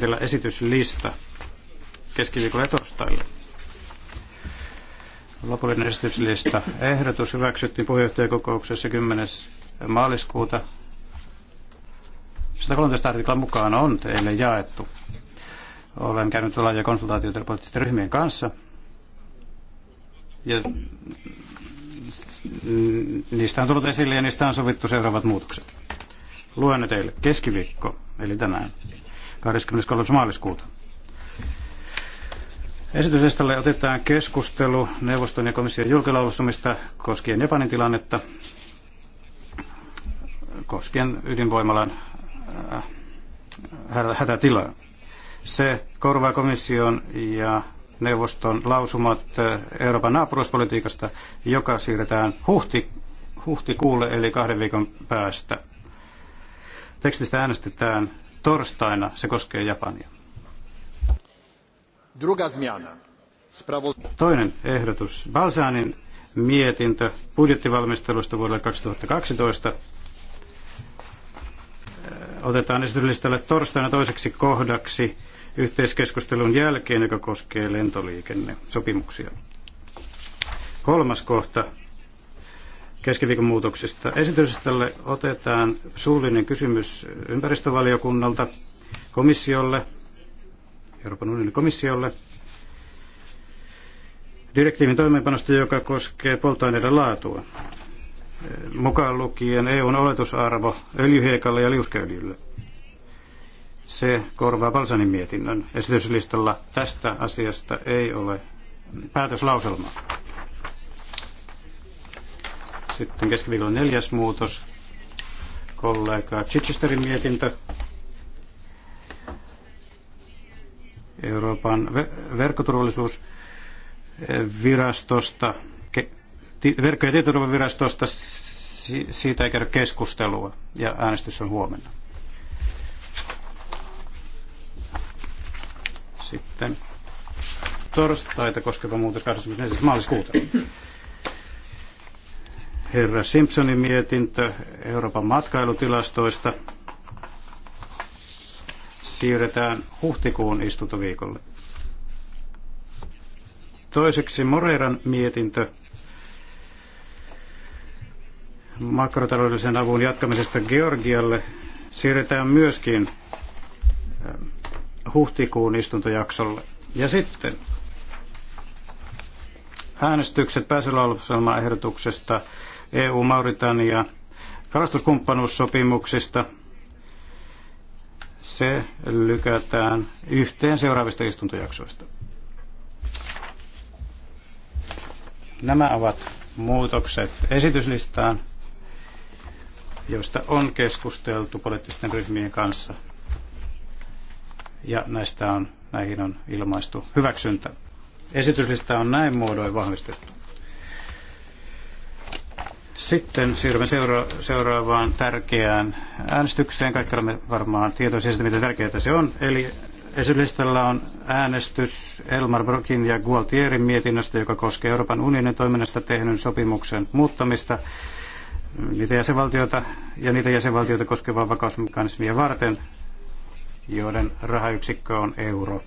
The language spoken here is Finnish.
esitellä esityslista keskiviikolla ja torstailla. Lopullinen esityslista. Ehdotus hyväksyttiin puheenjohtajakokouksessa 10. maaliskuuta. 113 artiklan mukaan on teille jaettu. Olen käynyt laajia konsultaatioita poliittisten ryhmien kanssa. Ja niistä on tullut esille ja niistä on sovittu seuraavat muutokset. Luen ne teille. Keskiviikko, eli tänään, 23. maaliskuuta. Esitysestalle otetaan keskustelu neuvoston ja komission julkilausumista koskien Japanin tilannetta, koskien ydinvoimalan äh, hätätilaa. Se korvaa komission ja neuvoston lausumat äh, Euroopan naapuruuspolitiikasta, joka siirretään huhti, huhtikuulle eli kahden viikon päästä. Tekstistä äänestetään torstaina, se koskee Japania. Toinen ehdotus. Balsaanin mietintö budjettivalmistelusta vuodelle 2012. Otetaan esityslistalle torstaina toiseksi kohdaksi yhteiskeskustelun jälkeen, joka koskee lentoliikenne sopimuksia. Kolmas kohta keskiviikon muutoksista. Esitykselle otetaan suullinen kysymys ympäristövaliokunnalta komissiolle, Euroopan unionin komissiolle, direktiivin toimeenpanosta, joka koskee polttoaineiden laatua, mukaan lukien EUn oletusarvo öljyhiekalle ja liuskeöljylle. Se korvaa Balsanin mietinnön. Esityslistalla tästä asiasta ei ole päätöslauselmaa. Sitten keskiviikolla neljäs muutos, kollega Chichesterin mietintö. Euroopan verkkoturvallisuusvirastosta, verkko- ja tietoturvavirastosta, siitä ei käydä keskustelua ja äänestys on huomenna. Sitten torstaita koskeva muutos 24. maaliskuuta herra Simpsonin mietintö Euroopan matkailutilastoista siirretään huhtikuun istuntoviikolle. Toiseksi Moreiran mietintö makrotaloudellisen avun jatkamisesta Georgialle siirretään myöskin äh, huhtikuun istuntojaksolle. Ja sitten äänestykset pääsylauselmaehdotuksesta ehdotuksesta EU-Mauritania kalastuskumppanuussopimuksista. Se lykätään yhteen seuraavista istuntojaksoista. Nämä ovat muutokset esityslistaan, joista on keskusteltu poliittisten ryhmien kanssa. Ja näistä on, näihin on ilmaistu hyväksyntä. Esityslista on näin muodoin vahvistettu. Sitten siirrymme seura- seuraavaan tärkeään äänestykseen. Kaikki olemme varmaan tietoisia siitä, miten tärkeää se on. Eli esillistellä on äänestys Elmar Brokin ja Gualtierin mietinnöstä, joka koskee Euroopan unionin toiminnasta tehdyn sopimuksen muuttamista niitä jäsenvaltioita ja niitä jäsenvaltioita koskevaa vakausmekanismia varten, joiden rahayksikkö on euro.